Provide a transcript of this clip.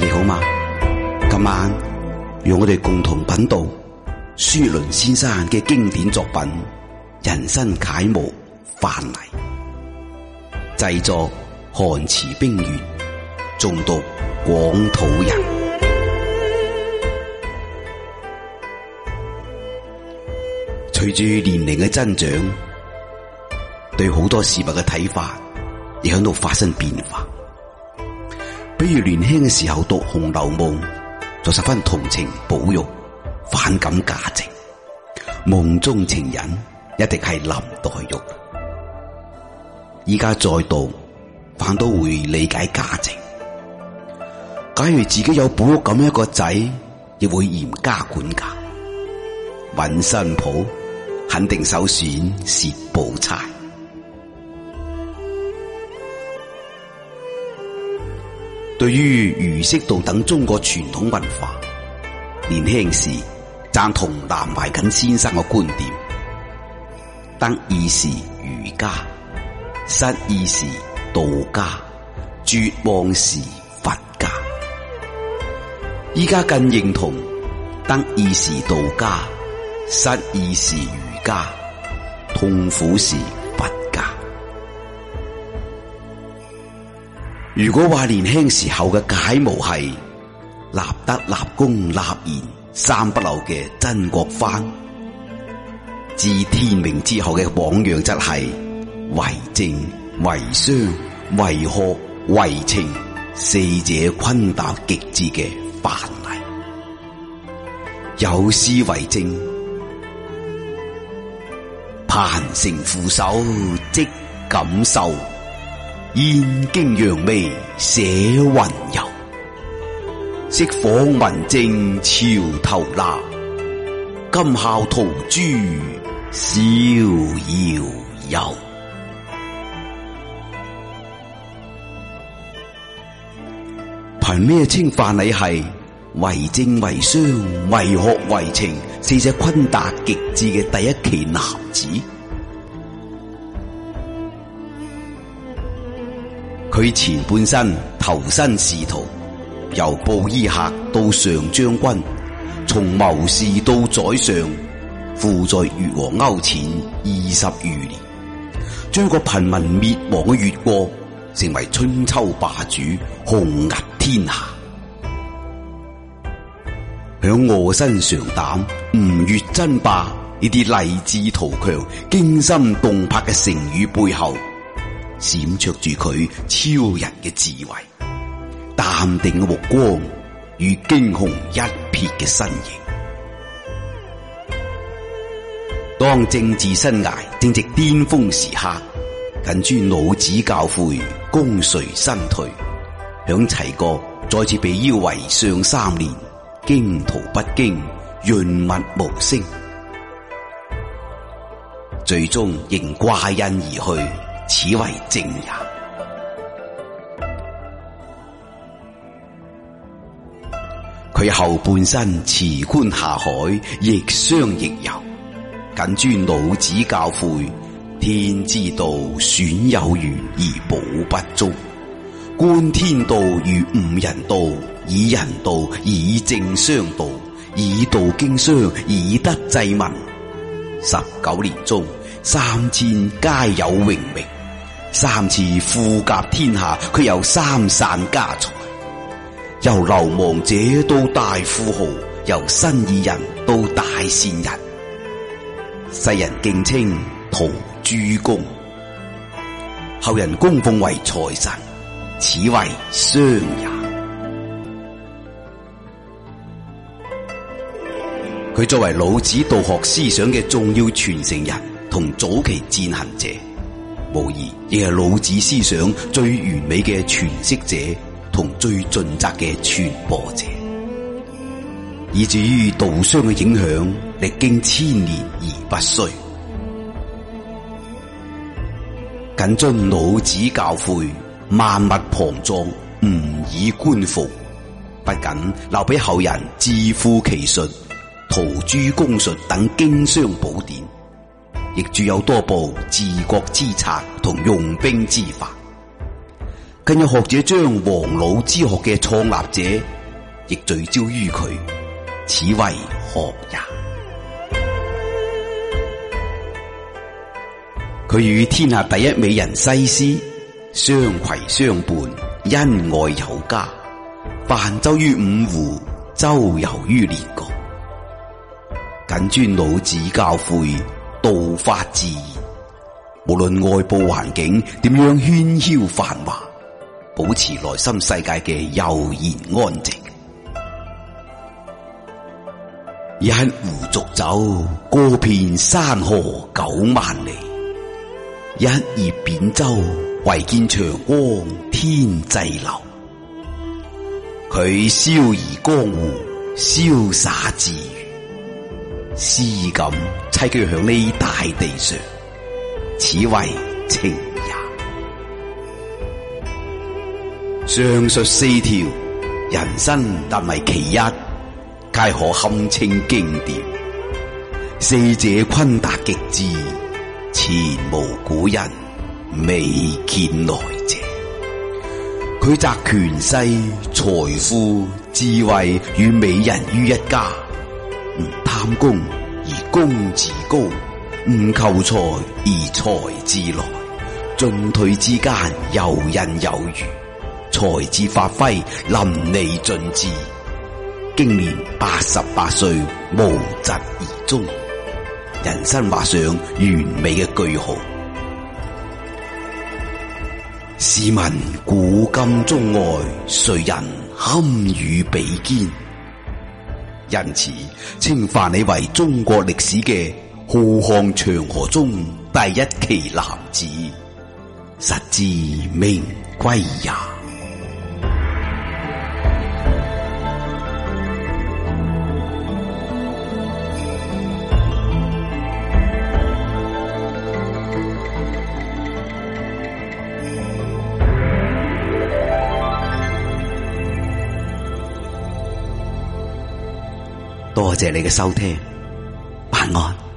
你好嗎？今晚讓我哋共同品讀舒倫先生嘅經典作品《人生楷模范蠡》，製作漢詞冰月，重讀廣土人。隨、嗯、住年齡嘅增長，對好多事物嘅睇法亦喺度發生變化。比如年輕嘅時候讀《紅樓夢》，就十分同情寶玉，反感賈政。夢中情人一定係林黛玉。依家再讀反倒會理解賈政。假如自己有寶玉咁樣一個仔，亦會嚴加管教。搵新抱，肯定首選是寶釵。對於儒釋道等中國傳統文化，年輕時贊同南懷瑾先生嘅觀點，得意時儒家，失意時道家，絕望時佛家，依家更認同得意時道家，失意時儒家，痛苦時。如果話年輕時候嘅楷模係立德立功立言三不朽嘅曾國藩，自天命之後嘅榜樣則、就、係、是、為政為商為學為情四者昆達極致嘅範例。有思為政，盤成扶手即感受。燕京揚眉寫雲遊，識火文正潮頭立，今效陶朱逍遙遊。憑咩稱范？你係為政為商為學為情，四只昆達極致嘅第一期男子。佢前半生投身仕途，由布衣客到上將軍，從謀士到宰相，輔在越王勾踐二十餘年，將個貧民滅亡嘅越國成為春秋霸主，雄壓天下。響臥薪嘗膽、吳越爭霸呢啲勵志圖強、驚心動魄嘅成語背後。閃著住佢超人嘅智慧、淡定嘅目光與驚鴻一瞥嘅身影。當政治生涯正值巔峰時刻，緊住老子教誨，功遂身退，響齊國再次被邀為上三年，驚途不驚，潤物無聲，最終仍掛印而去。此為正也。佢後半生辭官下海，亦商亦遊，謹遵老子教誨：天之道，損有餘而補不足；觀天道，與悟人道，以人道以正相道，以道經商，以德濟民。十九年中，三千皆有榮名。三次富甲天下，佢有三散家財，由流亡者到大富豪，由生意人到大善人，世人敬稱陶朱公，後人供奉為財神，此為商也。佢作為老子道學思想嘅重要傳承人，同早期踐行者。無疑，亦係老子思想最完美嘅詮釋者，同最盡責嘅傳播者，以至於道商嘅影響歷經千年而不衰。謹遵老子教誨，萬物旁壯，吾以觀復，不僅留俾後人致富奇術、陶朱公術等經商寶典。亦著有多部治國之策同用兵之法，更有學者將黃老之學嘅創立者亦聚焦於佢，此為何也。佢與天下第一美人西施相携相伴，恩愛有加，泛舟於五湖，周遊於列國，謹遵老子教誨。道法自然，無論外部環境點樣喧囂繁華，保持內心世界嘅悠然安靜。一壺濁酒過遍山河九萬里，一葉扁舟唯見長江天際流。佢笑傲江湖，瀟灑自如。詩意棲居響呢大地上，此為情也。上述四條，人生但為其一，皆可堪稱經典。四者昆達極致，前無古人，未見來者。佢集權勢、財富、智慧與美人於一家。功而功自高，唔求財而財自來。進退之間，游刃有餘，才智發揮淋漓盡致。經年八十八歲，無疾而終，人生畫上完美嘅句號。試問古今中外，誰人堪與比肩？因此，稱范蠡為中國歷史嘅浩瀚長河中第一奇男子，實至名歸也。多謝你嘅收聽，晚安。